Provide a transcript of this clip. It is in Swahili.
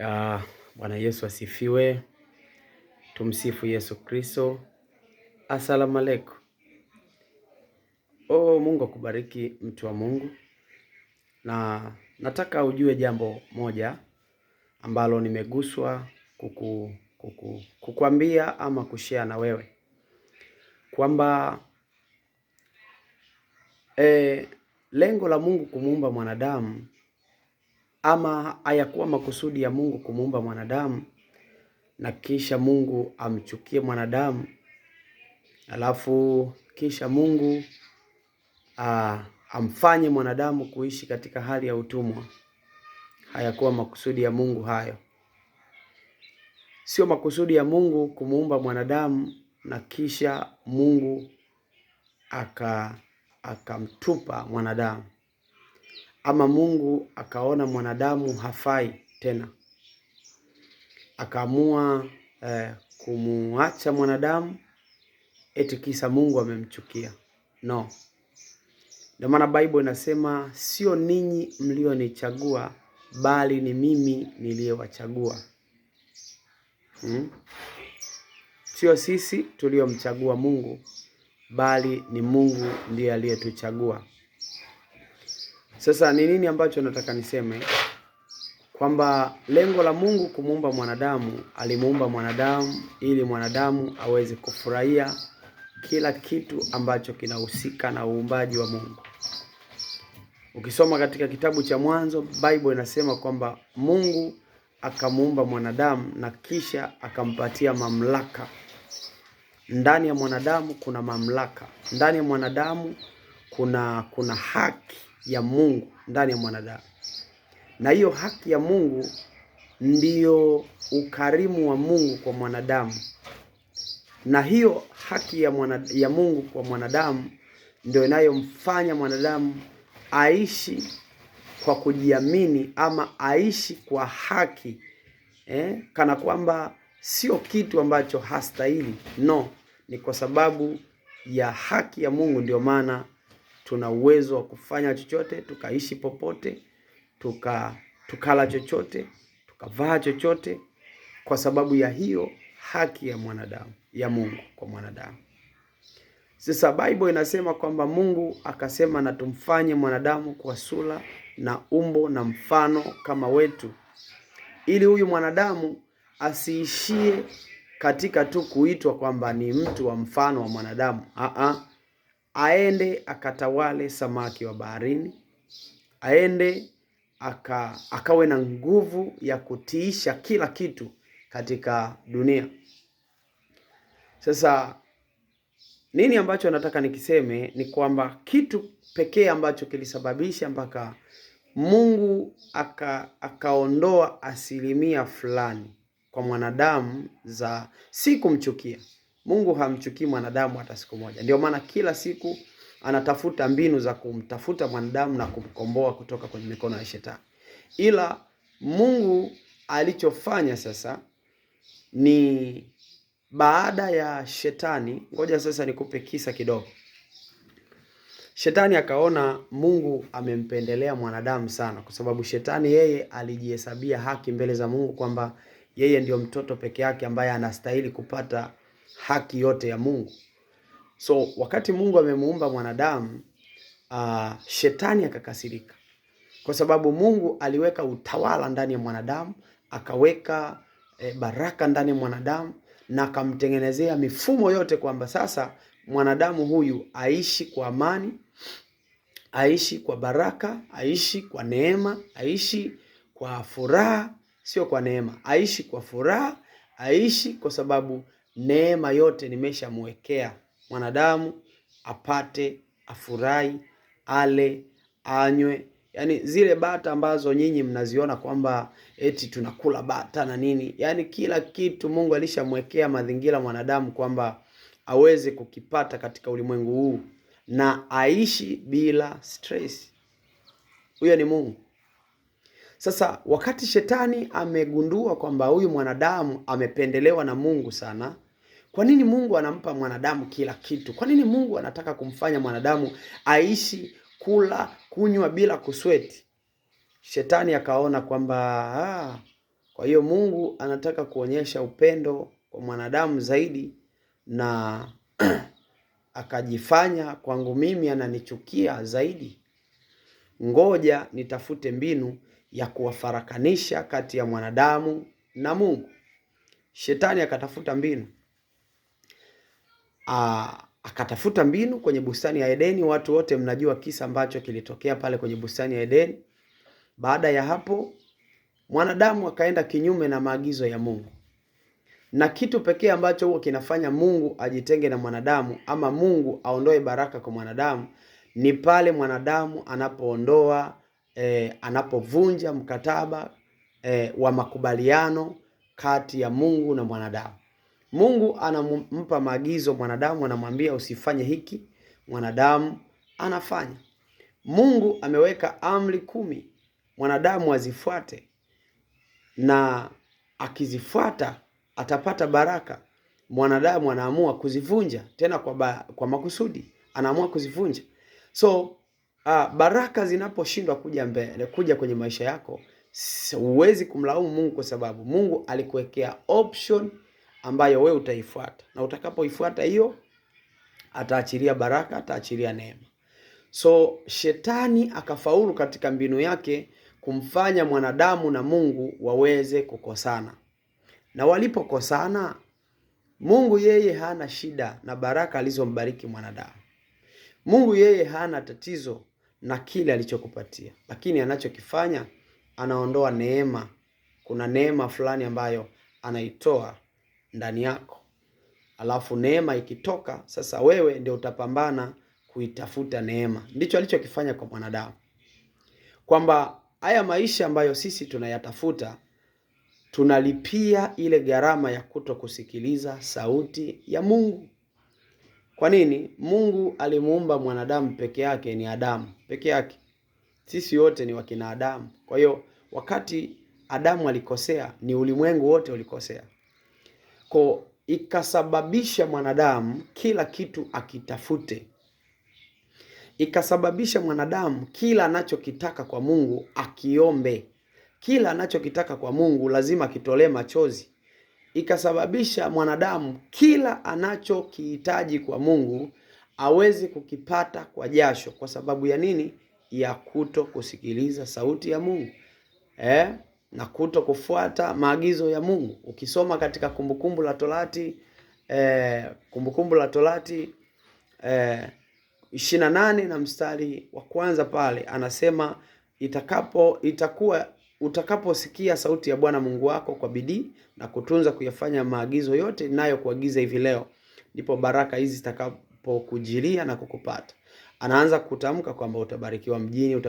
Uh, Bwana Yesu asifiwe. Tumsifu Yesu Kristo. Asalamu alaykum. Oh, Mungu akubariki mtu wa Mungu, na nataka ujue jambo moja ambalo nimeguswa kuku, kuku, kukuambia ama kushare na wewe kwamba eh, lengo la Mungu kumuumba mwanadamu ama hayakuwa makusudi ya Mungu kumuumba mwanadamu na kisha Mungu amchukie mwanadamu, alafu kisha Mungu aa, amfanye mwanadamu kuishi katika hali ya utumwa. Hayakuwa makusudi ya Mungu hayo. Sio makusudi ya Mungu kumuumba mwanadamu na kisha Mungu aka akamtupa mwanadamu ama Mungu akaona mwanadamu hafai tena, akaamua eh, kumuacha mwanadamu eti kisa Mungu amemchukia. No, ndio maana Bible inasema sio ninyi mlionichagua, bali ni mimi niliyewachagua. Hmm? Sio sisi tuliomchagua Mungu, bali ni Mungu ndiye aliyetuchagua. Sasa ni nini ambacho nataka niseme? Kwamba lengo la Mungu kumuumba mwanadamu, alimuumba mwanadamu ili mwanadamu aweze kufurahia kila kitu ambacho kinahusika na uumbaji wa Mungu. Ukisoma katika kitabu cha Mwanzo, Bible inasema kwamba Mungu akamuumba mwanadamu na kisha akampatia mamlaka. Ndani ya mwanadamu kuna mamlaka, ndani ya mwanadamu kuna kuna haki ya Mungu ndani ya mwanadamu, na hiyo haki ya Mungu ndiyo ukarimu wa Mungu kwa mwanadamu, na hiyo haki ya, mwana, ya Mungu kwa mwanadamu ndio inayomfanya mwanadamu aishi kwa kujiamini ama aishi kwa haki eh, kana kwamba sio kitu ambacho hastahili. No, ni kwa sababu ya haki ya Mungu, ndio maana tuna uwezo wa kufanya chochote, tukaishi popote, tuka tukala chochote, tukavaa chochote kwa sababu ya hiyo haki ya mwanadamu ya Mungu kwa mwanadamu. Sasa Bible inasema kwamba Mungu akasema na tumfanye mwanadamu kwa sura na umbo na mfano kama wetu, ili huyu mwanadamu asiishie katika tu kuitwa kwamba ni mtu wa mfano wa mwanadamu. Aa, ah, ah aende akatawale samaki wa baharini, aende aka, akawe na nguvu ya kutiisha kila kitu katika dunia. Sasa nini ambacho nataka nikiseme ni kwamba kitu pekee ambacho kilisababisha mpaka Mungu aka, akaondoa asilimia fulani kwa mwanadamu za si kumchukia Mungu hamchukii mwanadamu hata siku moja. Ndio maana kila siku anatafuta mbinu za kumtafuta mwanadamu na kumkomboa kutoka kwenye mikono ya shetani. Ila Mungu alichofanya sasa ni baada ya shetani, ngoja sasa nikupe kisa kidogo. Shetani akaona Mungu amempendelea mwanadamu sana, kwa sababu shetani yeye alijihesabia haki mbele za Mungu kwamba yeye ndio mtoto peke yake ambaye anastahili kupata haki yote ya Mungu. So wakati Mungu amemuumba mwanadamu uh, shetani akakasirika kwa sababu Mungu aliweka utawala ndani ya mwanadamu, akaweka e, baraka ndani ya mwanadamu na akamtengenezea mifumo yote kwamba sasa mwanadamu huyu aishi kwa amani, aishi kwa baraka, aishi kwa neema, aishi kwa furaha, sio kwa neema, aishi kwa furaha, aishi kwa sababu neema yote nimeshamwekea mwanadamu apate, afurahi, ale, anywe. Yaani zile bata ambazo nyinyi mnaziona kwamba eti tunakula bata na nini, yaani kila kitu Mungu alishamwekea mazingira mwanadamu kwamba aweze kukipata katika ulimwengu huu na aishi bila stress. Huyo ni Mungu. Sasa wakati shetani amegundua kwamba huyu mwanadamu amependelewa na Mungu sana, kwa nini Mungu anampa mwanadamu kila kitu? Kwa nini Mungu anataka kumfanya mwanadamu aishi kula, kunywa bila kusweti? Shetani akaona kwamba ah, kwa hiyo Mungu anataka kuonyesha upendo kwa mwanadamu zaidi, na akajifanya kwangu mimi ananichukia zaidi, ngoja nitafute mbinu ya kuwafarakanisha kati ya mwanadamu na Mungu. Shetani akatafuta mbinu aa, ah, akatafuta mbinu kwenye bustani ya Edeni. Watu wote mnajua kisa ambacho kilitokea pale kwenye bustani ya Edeni. Baada ya hapo, mwanadamu akaenda kinyume na maagizo ya Mungu, na kitu pekee ambacho huwa kinafanya Mungu ajitenge na mwanadamu ama Mungu aondoe baraka kwa mwanadamu ni pale mwanadamu anapoondoa e, anapovunja mkataba e, wa makubaliano kati ya Mungu na mwanadamu. Mungu anampa maagizo mwanadamu, anamwambia usifanye hiki, mwanadamu anafanya. Mungu ameweka amri kumi, mwanadamu azifuate, na akizifuata atapata baraka. Mwanadamu anaamua kuzivunja tena kwa, ba, kwa makusudi anaamua kuzivunja so ah, baraka zinaposhindwa kuja mbele, kuja kwenye maisha yako huwezi kumlaumu Mungu kwa sababu Mungu alikuwekea option ambayo we utaifuata, na utakapoifuata hiyo ataachilia baraka, ataachilia neema. So shetani akafaulu katika mbinu yake kumfanya mwanadamu na Mungu waweze kukosana, na walipokosana, Mungu yeye hana shida na baraka alizombariki mwanadamu. Mungu yeye hana tatizo na kile alichokupatia, lakini anachokifanya anaondoa neema. Kuna neema fulani ambayo anaitoa ndani yako, alafu neema ikitoka, sasa wewe ndio utapambana kuitafuta neema. Ndicho alichokifanya kwa mwanadamu, kwamba haya maisha ambayo sisi tunayatafuta tunalipia ile gharama ya kuto kusikiliza sauti ya Mungu. Kwa nini? Mungu alimuumba mwanadamu peke yake, ni Adamu peke yake. Sisi wote ni wakina Adamu. Kwa hiyo wakati Adamu alikosea, ni ulimwengu wote ulikosea, ko ikasababisha mwanadamu kila kitu akitafute, ikasababisha mwanadamu kila anachokitaka kwa Mungu akiombe, kila anachokitaka kwa Mungu lazima akitolee machozi, ikasababisha mwanadamu kila anachokihitaji kwa Mungu awezi kukipata kwa jasho. Kwa sababu ya nini? Ya kuto kusikiliza sauti ya Mungu eh? na kuto kufuata maagizo ya Mungu. Ukisoma katika Kumbukumbu la Torati eh, Kumbukumbu la Torati eh, 28 na mstari wa kwanza pale anasema itakapo itakuwa utakaposikia sauti ya Bwana Mungu wako kwa bidii na kutunza kuyafanya maagizo yote ninayokuagiza hivi leo, ndipo baraka hizi zitakapokujilia na kukupata. Anaanza kutamka kwamba utabarikiwa mjini utabarikiwa